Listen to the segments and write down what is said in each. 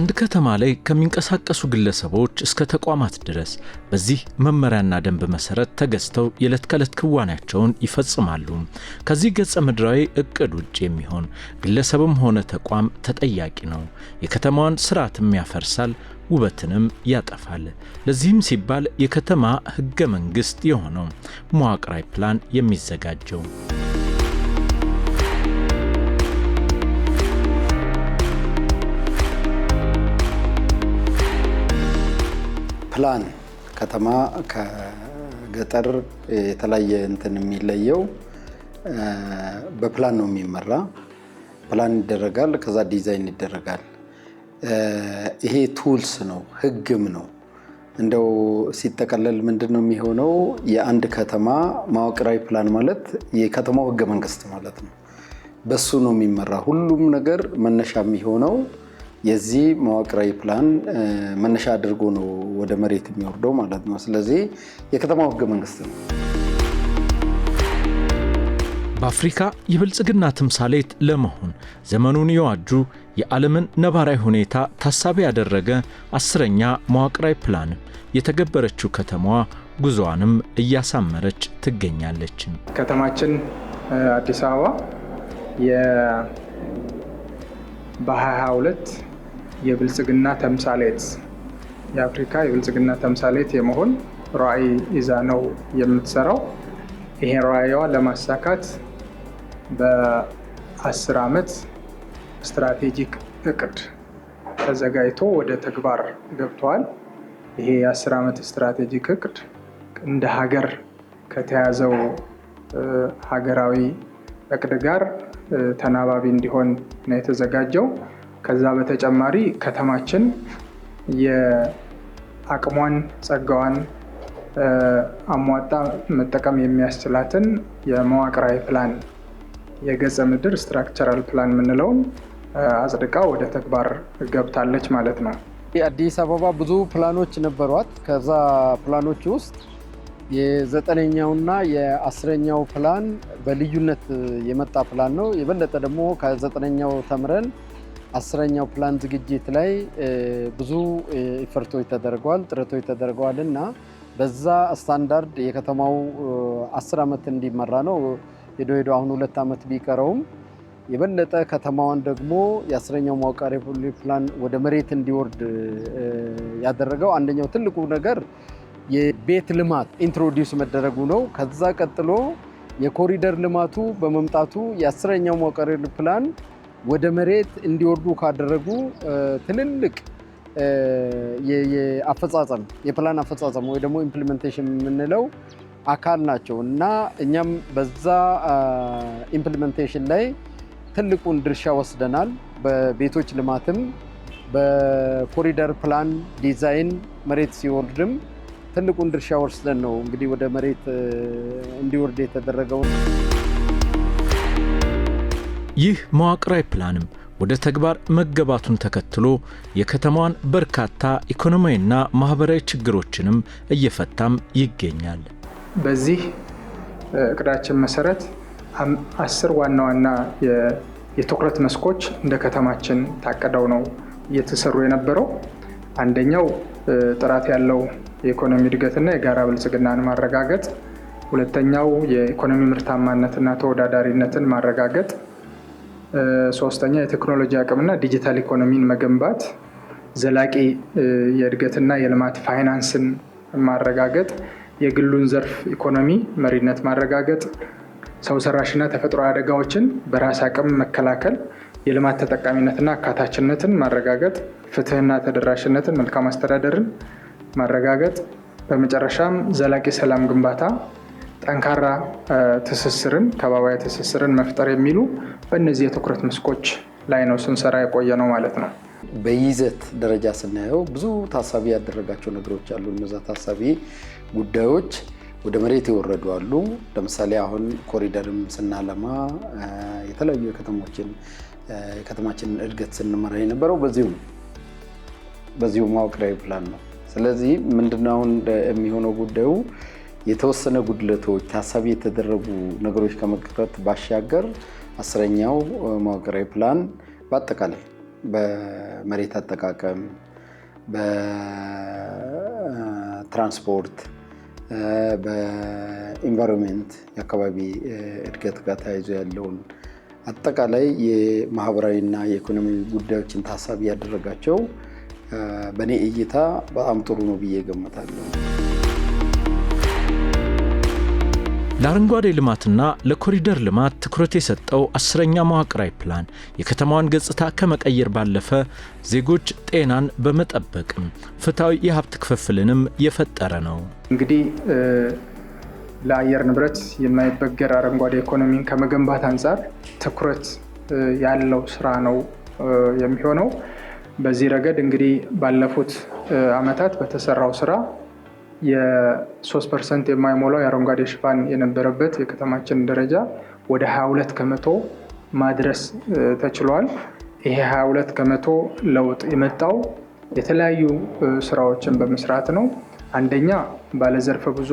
በአንድ ከተማ ላይ ከሚንቀሳቀሱ ግለሰቦች እስከ ተቋማት ድረስ በዚህ መመሪያና ደንብ መሰረት ተገዝተው የዕለት ከዕለት ክዋኔያቸውን ይፈጽማሉ። ከዚህ ገጸ ምድራዊ እቅድ ውጭ የሚሆን ግለሰብም ሆነ ተቋም ተጠያቂ ነው። የከተማዋን ስርዓትም ያፈርሳል፣ ውበትንም ያጠፋል። ለዚህም ሲባል የከተማ ህገ መንግስት የሆነው መዋቅራዊ ፕላን የሚዘጋጀው ፕላን ከተማ ከገጠር የተለያየ እንትን የሚለየው በፕላን ነው የሚመራ። ፕላን ይደረጋል፣ ከዛ ዲዛይን ይደረጋል። ይሄ ቱልስ ነው፣ ህግም ነው። እንደው ሲጠቀለል ምንድን ነው የሚሆነው? የአንድ ከተማ መዋቅራዊ ፕላን ማለት የከተማው ህገ መንግስት ማለት ነው። በሱ ነው የሚመራ ሁሉም ነገር መነሻ የሚሆነው የዚህ መዋቅራዊ ፕላን መነሻ አድርጎ ነው ወደ መሬት የሚወርደው ማለት ነው። ስለዚህ የከተማው ህገ መንግስት ነው። በአፍሪካ የብልጽግና ትምሳሌት ለመሆን ዘመኑን የዋጁ የዓለምን ነባራዊ ሁኔታ ታሳቢ ያደረገ አስረኛ መዋቅራዊ ፕላን የተገበረችው ከተማዋ ጉዞዋንም እያሳመረች ትገኛለች። ከተማችን አዲስ አበባ በ22 የብልጽግና ተምሳሌት የአፍሪካ የብልጽግና ተምሳሌት የመሆን ራዕይ ይዛ ነው የምትሰራው። ይሄን ራዕይዋ ለማሳካት በአስር ዓመት ስትራቴጂክ እቅድ ተዘጋጅቶ ወደ ተግባር ገብተዋል። ይሄ የአስር ዓመት ስትራቴጂክ እቅድ እንደ ሀገር ከተያዘው ሀገራዊ እቅድ ጋር ተናባቢ እንዲሆን ነው የተዘጋጀው። ከዛ በተጨማሪ ከተማችን የአቅሟን ጸጋዋን አሟጣ መጠቀም የሚያስችላትን የመዋቅራዊ ፕላን የገጸ ምድር ስትራክቸራል ፕላን የምንለውን አጽድቃ ወደ ተግባር ገብታለች ማለት ነው። አዲስ አበባ ብዙ ፕላኖች ነበሯት። ከዛ ፕላኖች ውስጥ የዘጠነኛውና የአስረኛው ፕላን በልዩነት የመጣ ፕላን ነው። የበለጠ ደግሞ ከዘጠነኛው ተምረን አስረኛው ፕላን ዝግጅት ላይ ብዙ ኢፈርቶች ተደርጓል፣ ጥረቶች ተደርገዋል እና በዛ ስታንዳርድ የከተማው አስር ዓመት እንዲመራ ነው ሄዶ ሄዶ አሁን ሁለት ዓመት ቢቀረውም የበለጠ ከተማዋን ደግሞ የአስረኛው መዋቅራዊ ፕላን ወደ መሬት እንዲወርድ ያደረገው አንደኛው ትልቁ ነገር የቤት ልማት ኢንትሮዲውስ መደረጉ ነው። ከዛ ቀጥሎ የኮሪደር ልማቱ በመምጣቱ የአስረኛው መዋቅራዊ ፕላን ወደ መሬት እንዲወርዱ ካደረጉ ትልልቅ የአፈጻጸም የፕላን አፈጻጸም ወይ ደግሞ ኢምፕሊሜንቴሽን የምንለው አካል ናቸው እና እኛም በዛ ኢምፕሊሜንቴሽን ላይ ትልቁን ድርሻ ወስደናል። በቤቶች ልማትም በኮሪደር ፕላን ዲዛይን መሬት ሲወርድም ትልቁን ድርሻ ወስደን ነው እንግዲህ ወደ መሬት እንዲወርድ የተደረገው። ይህ መዋቅራዊ ፕላንም ወደ ተግባር መገባቱን ተከትሎ የከተማዋን በርካታ ኢኮኖሚያዊና ማህበራዊ ችግሮችንም እየፈታም ይገኛል። በዚህ እቅዳችን መሰረት አስር ዋና ዋና የትኩረት መስኮች እንደ ከተማችን ታቀደው ነው እየተሰሩ የነበረው። አንደኛው ጥራት ያለው የኢኮኖሚ እድገትና የጋራ ብልጽግናን ማረጋገጥ፣ ሁለተኛው የኢኮኖሚ ምርታማነትና ተወዳዳሪነትን ማረጋገጥ ሶስተኛ የቴክኖሎጂ አቅምና ዲጂታል ኢኮኖሚን መገንባት፣ ዘላቂ የእድገትና የልማት ፋይናንስን ማረጋገጥ፣ የግሉን ዘርፍ ኢኮኖሚ መሪነት ማረጋገጥ፣ ሰው ሰራሽና ተፈጥሮ አደጋዎችን በራስ አቅም መከላከል፣ የልማት ተጠቃሚነትና አካታችነትን ማረጋገጥ፣ ፍትህና ተደራሽነትን፣ መልካም አስተዳደርን ማረጋገጥ፣ በመጨረሻም ዘላቂ ሰላም ግንባታ፣ ጠንካራ ትስስርን፣ ተባባይ ትስስርን መፍጠር የሚሉ በእነዚህ የትኩረት መስኮች ላይ ነው ስንሰራ የቆየ ነው ማለት ነው። በይዘት ደረጃ ስናየው ብዙ ታሳቢ ያደረጋቸው ነገሮች አሉ። እነዛ ታሳቢ ጉዳዮች ወደ መሬት የወረዱ አሉ። ለምሳሌ አሁን ኮሪደርም ስናለማ የተለያዩ የከተሞችን የከተማችንን እድገት ስንመራ የነበረው በዚሁ ነው፣ በዚሁ መዋቅራዊ ፕላን ነው። ስለዚህ ምንድነው የሚሆነው ጉዳዩ የተወሰነ ጉድለቶች ታሳቢ የተደረጉ ነገሮች ከመቅረት ባሻገር አስረኛው መዋቅራዊ ፕላን በአጠቃላይ በመሬት አጠቃቀም፣ በትራንስፖርት፣ በኢንቫይሮንመንት የአካባቢ እድገት ጋር ተያይዞ ያለውን አጠቃላይ የማህበራዊና የኢኮኖሚ ጉዳዮችን ታሳቢ ያደረጋቸው በእኔ እይታ በጣም ጥሩ ነው ብዬ ገምታለሁ። ለአረንጓዴ ልማትና ለኮሪደር ልማት ትኩረት የሰጠው አስረኛ መዋቅራዊ ፕላን የከተማዋን ገጽታ ከመቀየር ባለፈ ዜጎች ጤናን በመጠበቅም ፍትሐዊ የሀብት ክፍፍልንም የፈጠረ ነው። እንግዲህ ለአየር ንብረት የማይበገር አረንጓዴ ኢኮኖሚን ከመገንባት አንጻር ትኩረት ያለው ስራ ነው የሚሆነው። በዚህ ረገድ እንግዲህ ባለፉት ዓመታት በተሰራው ስራ የሶስት ፐርሰንት የማይሞላው የአረንጓዴ ሽፋን የነበረበት የከተማችን ደረጃ ወደ 22 ከመቶ ማድረስ ተችሏል። ይሄ 22 ከመቶ ለውጥ የመጣው የተለያዩ ስራዎችን በመስራት ነው። አንደኛ ባለዘርፈ ብዙ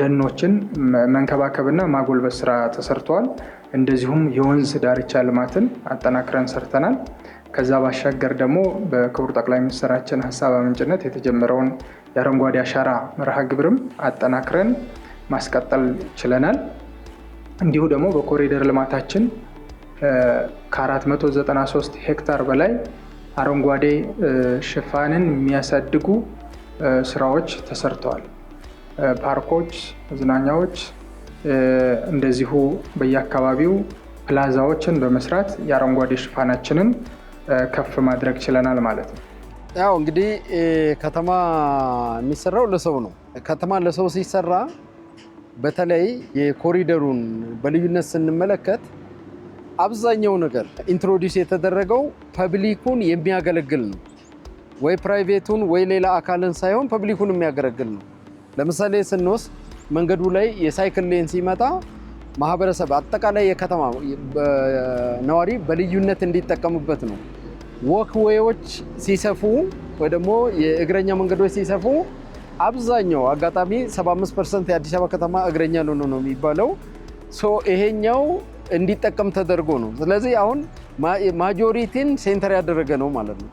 ደኖችን መንከባከብና ማጎልበት ስራ ተሰርተዋል። እንደዚሁም የወንዝ ዳርቻ ልማትን አጠናክረን ሰርተናል። ከዛ ባሻገር ደግሞ በክቡር ጠቅላይ ሚኒስትራችን ሀሳብ አመንጭነት የተጀመረውን የአረንጓዴ አሻራ መርሃ ግብርም አጠናክረን ማስቀጠል ችለናል። እንዲሁ ደግሞ በኮሪደር ልማታችን ከ493 ሄክታር በላይ አረንጓዴ ሽፋንን የሚያሳድጉ ስራዎች ተሰርተዋል። ፓርኮች፣ መዝናኛዎች እንደዚሁ በየአካባቢው ፕላዛዎችን በመስራት የአረንጓዴ ሽፋናችንን ከፍ ማድረግ ችለናል ማለት ነው። ያው እንግዲህ ከተማ የሚሰራው ለሰው ነው። ከተማ ለሰው ሲሰራ በተለይ የኮሪደሩን በልዩነት ስንመለከት አብዛኛው ነገር ኢንትሮዲውስ የተደረገው ፐብሊኩን የሚያገለግል ነው። ወይ ፕራይቬቱን ወይ ሌላ አካልን ሳይሆን ፐብሊኩን የሚያገለግል ነው። ለምሳሌ ስንወስድ መንገዱ ላይ የሳይክል ሌን ሲመጣ ማህበረሰብ አጠቃላይ የከተማ ነዋሪ በልዩነት እንዲጠቀሙበት ነው። ወክዌዎች ሲሰፉ ወይ ደግሞ የእግረኛ መንገዶች ሲሰፉ አብዛኛው አጋጣሚ 75 ፐርሰንት የአዲስ አበባ ከተማ እግረኛ ነው ነው የሚባለው። ይሄኛው እንዲጠቀም ተደርጎ ነው። ስለዚህ አሁን ማጆሪቲን ሴንተር ያደረገ ነው ማለት ነው።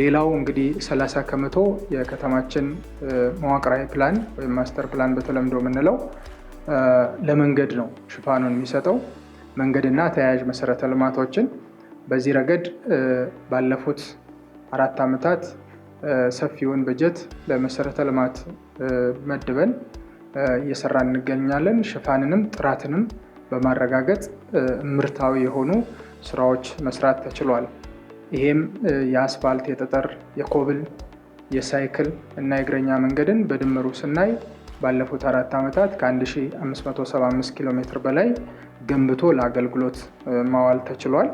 ሌላው እንግዲህ 30 ከመቶ የከተማችን መዋቅራዊ ፕላን ወይም ማስተር ፕላን በተለምዶ የምንለው ለመንገድ ነው ሽፋኑን የሚሰጠው መንገድና ተያያዥ መሰረተ ልማቶችን በዚህ ረገድ ባለፉት አራት ዓመታት ሰፊውን በጀት ለመሰረተ ልማት መድበን እየሰራ እንገኛለን። ሽፋንንም ጥራትንም በማረጋገጥ ምርታዊ የሆኑ ስራዎች መስራት ተችሏል። ይሄም የአስፋልት፣ የጠጠር፣ የኮብል፣ የሳይክል እና የእግረኛ መንገድን በድምሩ ስናይ ባለፉት አራት ዓመታት ከ1575 ኪሎ ሜትር በላይ ገንብቶ ለአገልግሎት ማዋል ተችሏል።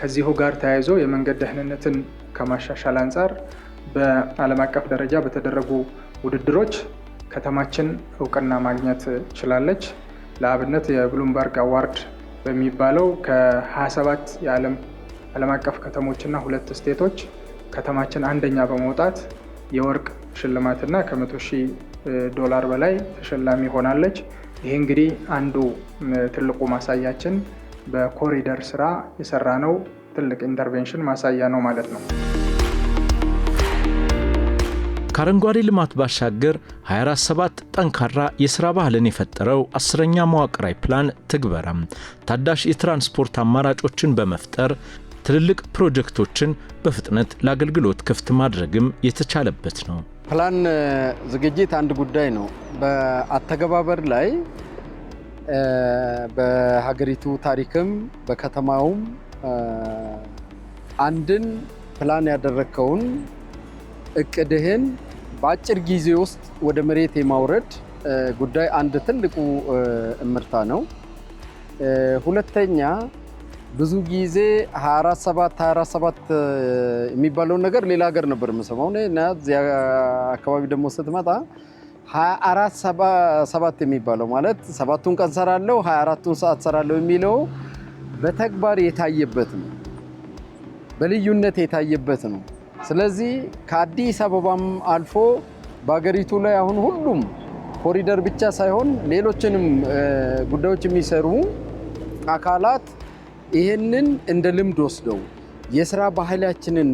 ከዚሁ ጋር ተያይዞ የመንገድ ደህንነትን ከማሻሻል አንጻር በዓለም አቀፍ ደረጃ በተደረጉ ውድድሮች ከተማችን እውቅና ማግኘት ችላለች። ለአብነት የብሉምበርግ አዋርድ በሚባለው ከ27 የዓለም ዓለም አቀፍ ከተሞችና ሁለት ስቴቶች ከተማችን አንደኛ በመውጣት የወርቅ ሽልማትና ከመቶ ሺህ ዶላር በላይ ተሸላሚ ሆናለች። ይህ እንግዲህ አንዱ ትልቁ ማሳያችን በኮሪደር ስራ የሰራ ነው ትልቅ ኢንተርቬንሽን ማሳያ ነው ማለት ነው። ከአረንጓዴ ልማት ባሻገር 247 ጠንካራ የሥራ ባህልን የፈጠረው አስረኛ መዋቅራዊ ፕላን ትግበራም ታዳሽ የትራንስፖርት አማራጮችን በመፍጠር ትልልቅ ፕሮጀክቶችን በፍጥነት ለአገልግሎት ክፍት ማድረግም የተቻለበት ነው። ፕላን ዝግጅት አንድ ጉዳይ ነው። በአተገባበር ላይ በሀገሪቱ ታሪክም በከተማውም አንድን ፕላን ያደረግከውን እቅድህን በአጭር ጊዜ ውስጥ ወደ መሬት የማውረድ ጉዳይ አንድ ትልቁ እምርታ ነው። ሁለተኛ ብዙ ጊዜ 247 247 የሚባለውን ነገር ሌላ ሀገር ነበር የምሰማው እና እዚያ አካባቢ ደግሞ ስትመጣ 24 ሰባት የሚባለው ማለት ሰባቱን ቀን ሰራለው 24ቱን ሰዓት ሰራለሁ የሚለው በተግባር የታየበት ነው፣ በልዩነት የታየበት ነው። ስለዚህ ከአዲስ አበባም አልፎ በሀገሪቱ ላይ አሁን ሁሉም ኮሪደር ብቻ ሳይሆን ሌሎችንም ጉዳዮች የሚሰሩ አካላት ይህንን እንደ ልምድ ወስደው የስራ ባህላችንን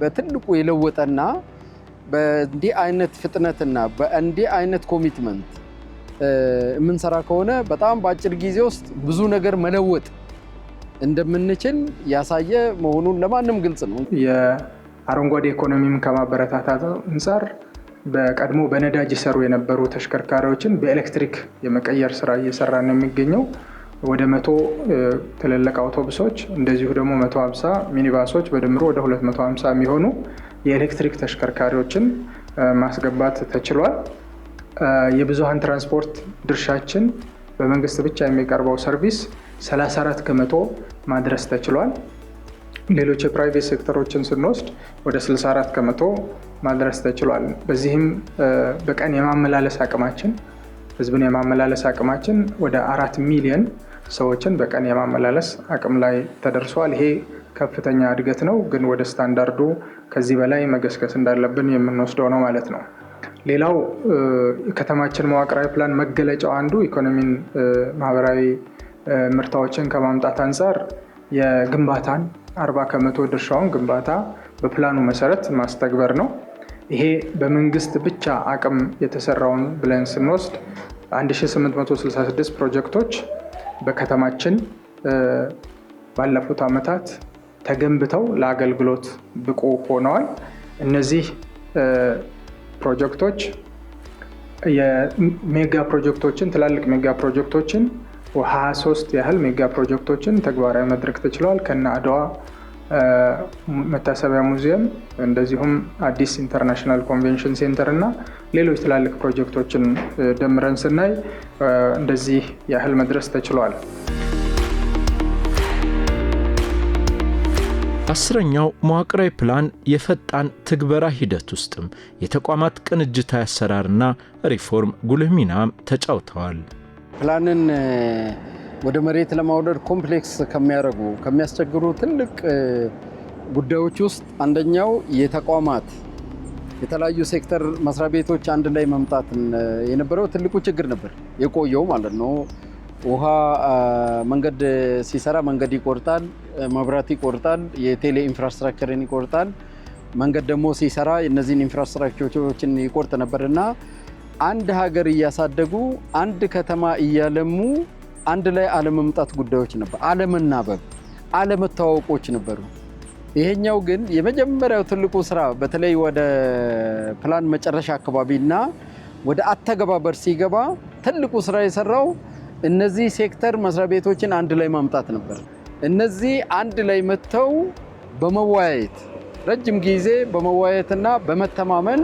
በትልቁ የለወጠና በእንዲህ አይነት ፍጥነትና በእንዲህ አይነት ኮሚትመንት የምንሰራ ከሆነ በጣም በአጭር ጊዜ ውስጥ ብዙ ነገር መለወጥ እንደምንችል ያሳየ መሆኑን ለማንም ግልጽ ነው። የአረንጓዴ ኢኮኖሚም ከማበረታታት አንጻር በቀድሞ በነዳጅ ይሰሩ የነበሩ ተሽከርካሪዎችን በኤሌክትሪክ የመቀየር ስራ እየሰራ ነው የሚገኘው። ወደ መቶ ትልልቅ አውቶቡሶች እንደዚሁ ደግሞ መቶ ሀምሳ ሚኒባሶች በድምሮ ወደ ሁለት መቶ ሀምሳ የሚሆኑ የኤሌክትሪክ ተሽከርካሪዎችን ማስገባት ተችሏል። የብዙሀን ትራንስፖርት ድርሻችን በመንግስት ብቻ የሚቀርበው ሰርቪስ 34 ከመቶ ማድረስ ተችሏል። ሌሎች የፕራይቬት ሴክተሮችን ስንወስድ ወደ 64 ከመቶ ማድረስ ተችሏል። በዚህም በቀን የማመላለስ አቅማችን ህዝብን የማመላለስ አቅማችን ወደ አራት ሚሊዮን ሰዎችን በቀን የማመላለስ አቅም ላይ ተደርሷል። ይሄ ከፍተኛ እድገት ነው፣ ግን ወደ ስታንዳርዱ ከዚህ በላይ መገስገስ እንዳለብን የምንወስደው ነው ማለት ነው። ሌላው ከተማችን መዋቅራዊ ፕላን መገለጫው አንዱ ኢኮኖሚን፣ ማህበራዊ ምርታዎችን ከማምጣት አንጻር የግንባታን አርባ ከመቶ ድርሻውን ግንባታ በፕላኑ መሰረት ማስተግበር ነው። ይሄ በመንግስት ብቻ አቅም የተሰራውን ብለን ስንወስድ 1866 ፕሮጀክቶች በከተማችን ባለፉት ዓመታት ተገንብተው ለአገልግሎት ብቁ ሆነዋል። እነዚህ ፕሮጀክቶች የሜጋ ፕሮጀክቶችን ትላልቅ ሜጋ ፕሮጀክቶችን 23 ያህል ሜጋ ፕሮጀክቶችን ተግባራዊ መድረክ ተችለዋል። ከነ አድዋ መታሰቢያ ሙዚየም እንደዚሁም አዲስ ኢንተርናሽናል ኮንቬንሽን ሴንተር እና ሌሎች ትላልቅ ፕሮጀክቶችን ደምረን ስናይ እንደዚህ ያህል መድረስ ተችሏል። አስረኛው መዋቅራዊ ፕላን የፈጣን ትግበራ ሂደት ውስጥም የተቋማት ቅንጅታዊ አሰራርና ሪፎርም ጉልህ ሚናም ተጫውተዋል። ፕላንን ወደ መሬት ለማውረድ ኮምፕሌክስ ከሚያደርጉ ከሚያስቸግሩ ትልቅ ጉዳዮች ውስጥ አንደኛው የተቋማት የተለያዩ ሴክተር መስሪያ ቤቶች አንድ ላይ መምጣት የነበረው ትልቁ ችግር ነበር የቆየው ማለት ነው። ውሃ መንገድ ሲሰራ መንገድ ይቆርጣል፣ መብራት ይቆርጣል፣ የቴሌ ኢንፍራስትራክቸርን ይቆርጣል። መንገድ ደግሞ ሲሰራ እነዚህን ኢንፍራስትራክቸሮችን ይቆርጥ ነበር እና አንድ ሀገር እያሳደጉ አንድ ከተማ እያለሙ አንድ ላይ አለመምጣት ጉዳዮች ነበር፣ አለመናበብ፣ አለመተዋወቆች ነበሩ። ይሄኛው ግን የመጀመሪያው ትልቁ ስራ በተለይ ወደ ፕላን መጨረሻ አካባቢ እና ወደ አተገባበር ሲገባ ትልቁ ስራ የሰራው እነዚህ ሴክተር መስሪያ ቤቶችን አንድ ላይ ማምጣት ነበር። እነዚህ አንድ ላይ መጥተው በመወያየት ረጅም ጊዜ በመወያየትና በመተማመን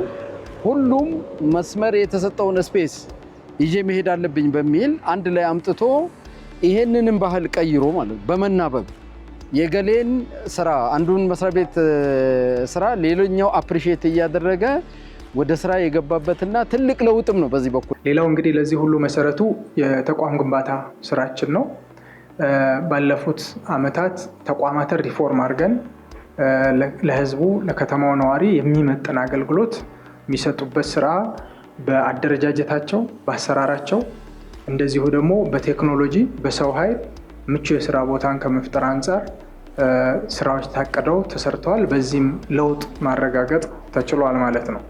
ሁሉም መስመር የተሰጠውን ስፔስ ይዤ መሄድ አለብኝ በሚል አንድ ላይ አምጥቶ ይሄንንም ባህል ቀይሮ ማለት በመናበብ የገሌን ስራ አንዱን መስሪያ ቤት ስራ ሌላኛው አፕሪሼት እያደረገ ወደ ስራ የገባበትና ትልቅ ለውጥም ነው በዚህ በኩል። ሌላው እንግዲህ ለዚህ ሁሉ መሰረቱ የተቋም ግንባታ ስራችን ነው። ባለፉት አመታት ተቋማትን ሪፎርም አድርገን ለህዝቡ ለከተማው ነዋሪ የሚመጥን አገልግሎት የሚሰጡበት ስራ በአደረጃጀታቸው፣ በአሰራራቸው እንደዚሁ ደግሞ በቴክኖሎጂ በሰው ኃይል ምቹ የስራ ቦታን ከመፍጠር አንጻር ስራዎች ታቅደው ተሰርተዋል። በዚህም ለውጥ ማረጋገጥ ተችሏል ማለት ነው።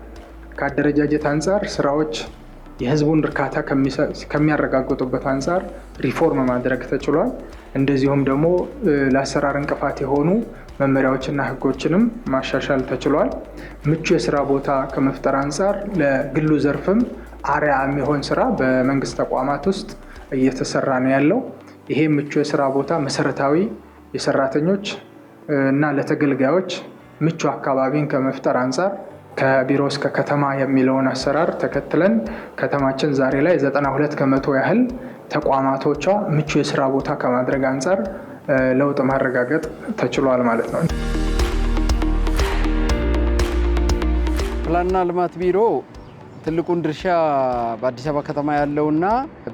ከአደረጃጀት አንጻር ስራዎች የህዝቡን እርካታ ከሚያረጋግጡበት አንጻር ሪፎርም ማድረግ ተችሏል። እንደዚሁም ደግሞ ለአሰራር እንቅፋት የሆኑ መመሪያዎችና ህጎችንም ማሻሻል ተችሏል። ምቹ የስራ ቦታ ከመፍጠር አንጻር ለግሉ ዘርፍም አሪያ የሚሆን ስራ በመንግስት ተቋማት ውስጥ እየተሰራ ነው ያለው። ይሄ ምቹ የስራ ቦታ መሰረታዊ የሰራተኞች እና ለተገልጋዮች ምቹ አካባቢን ከመፍጠር አንጻር ከቢሮ እስከ ከተማ የሚለውን አሰራር ተከትለን ከተማችን ዛሬ ላይ 92 ከመቶ ያህል ተቋማቶቿ ምቹ የስራ ቦታ ከማድረግ አንጻር ለውጥ ማረጋገጥ ተችሏል ማለት ነው። ፕላንና ልማት ቢሮ ትልቁን ድርሻ በአዲስ አበባ ከተማ ያለውና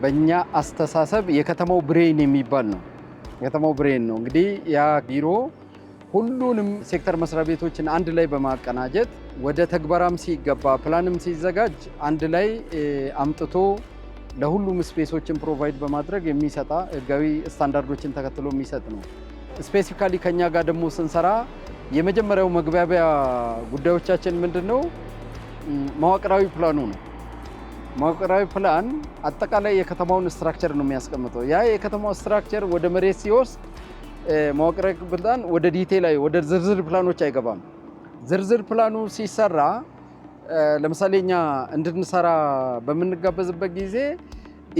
በእኛ አስተሳሰብ የከተማው ብሬን የሚባል ነው። የከተማው ብሬን ነው እንግዲህ ያ ቢሮ ሁሉንም ሴክተር መስሪያ ቤቶችን አንድ ላይ በማቀናጀት ወደ ተግባራም ሲገባ ፕላንም ሲዘጋጅ አንድ ላይ አምጥቶ ለሁሉም ስፔሶችን ፕሮቫይድ በማድረግ የሚሰጣ ህጋዊ ስታንዳርዶችን ተከትሎ የሚሰጥ ነው። ስፔሲፊካሊ ከኛ ጋር ደግሞ ስንሰራ የመጀመሪያው መግባቢያ ጉዳዮቻችን ምንድን ነው? መዋቅራዊ ፕላኑ ነው። መዋቅራዊ ፕላን አጠቃላይ የከተማውን ስትራክቸር ነው የሚያስቀምጠው። ያ የከተማው ስትራክቸር ወደ መሬት ሲወስድ መዋቅራዊ ፕላን ወደ ዲቴል ወደ ዝርዝር ፕላኖች አይገባም። ዝርዝር ፕላኑ ሲሰራ ለምሳሌ እኛ እንድንሰራ በምንጋበዝበት ጊዜ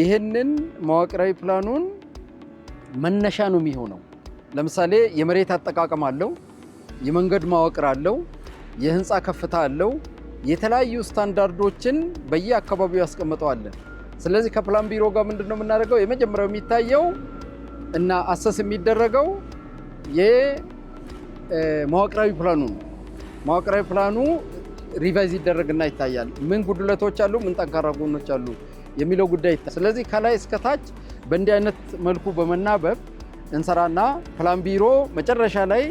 ይህንን መዋቅራዊ ፕላኑን መነሻ ነው የሚሆነው። ለምሳሌ የመሬት አጠቃቀም አለው፣ የመንገድ መዋቅር አለው፣ የህንፃ ከፍታ አለው። የተለያዩ ስታንዳርዶችን በየአካባቢው ያስቀምጠዋለን። ስለዚህ ከፕላን ቢሮ ጋር ምንድን ነው የምናደርገው? የመጀመሪያው የሚታየው እና አሰስ የሚደረገው የመዋቅራዊ ፕላኑ ነው። ማወቅራዊ ፕላኑ ሪቫይዝ ይደረግና ይታያል። ምን ጉድለቶች አሉ፣ ምን ጠንካራ ጎኖች አሉ የሚለው ጉዳይ ይታያል። ስለዚህ ከላይ እስከታች በእንዲህ አይነት መልኩ በመናበብ እንሰራና ፕላን ቢሮ መጨረሻ ላይ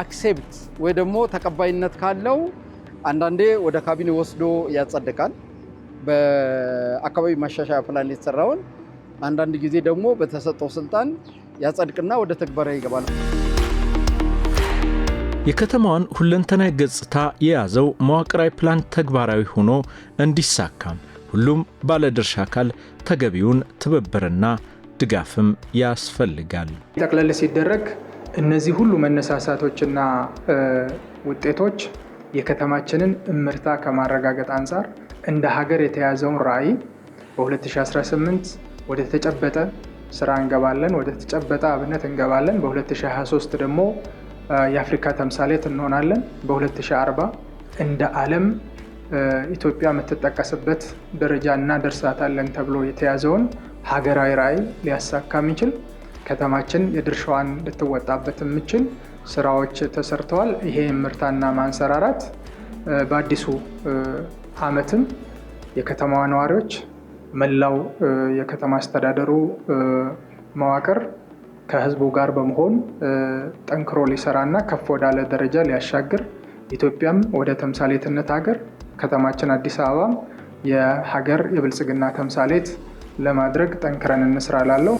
አክሴፕት ወይ ደግሞ ተቀባይነት ካለው አንዳንዴ ወደ ካቢኔ ወስዶ ያጸድቃል። በአካባቢ ማሻሻያ ፕላን የተሰራውን አንዳንድ ጊዜ ደግሞ በተሰጠው ስልጣን ያጸድቅና ወደ ተግባራዊ ይገባል። የከተማዋን ሁለንተናዊ ገጽታ የያዘው መዋቅራዊ ፕላን ተግባራዊ ሆኖ እንዲሳካም ሁሉም ባለድርሻ አካል ተገቢውን ትብብርና ድጋፍም ያስፈልጋል። ጠቅለል ሲደረግ እነዚህ ሁሉ መነሳሳቶችና ውጤቶች የከተማችንን እምርታ ከማረጋገጥ አንጻር እንደ ሀገር የተያዘውን ራዕይ በ2018 ወደ ተጨበጠ ስራ እንገባለን፣ ወደ ተጨበጠ አብነት እንገባለን። በ2023 ደግሞ የአፍሪካ ተምሳሌት እንሆናለን። በ2040 እንደ ዓለም ኢትዮጵያ የምትጠቀስበት ደረጃ እናደርሳታለን ተብሎ የተያዘውን ሀገራዊ ራዕይ ሊያሳካ የሚችል ከተማችን የድርሻዋን ልትወጣበት የምችል ስራዎች ተሰርተዋል። ይሄ ምርታና ማንሰራራት በአዲሱ ዓመትም የከተማዋ ነዋሪዎች፣ መላው የከተማ አስተዳደሩ መዋቅር ከህዝቡ ጋር በመሆን ጠንክሮ ሊሰራና ከፍ ወዳለ ደረጃ ሊያሻግር ኢትዮጵያም ወደ ተምሳሌትነት ሀገር ከተማችን አዲስ አበባም የሀገር የብልጽግና ተምሳሌት ለማድረግ ጠንክረን እንስራ ላለው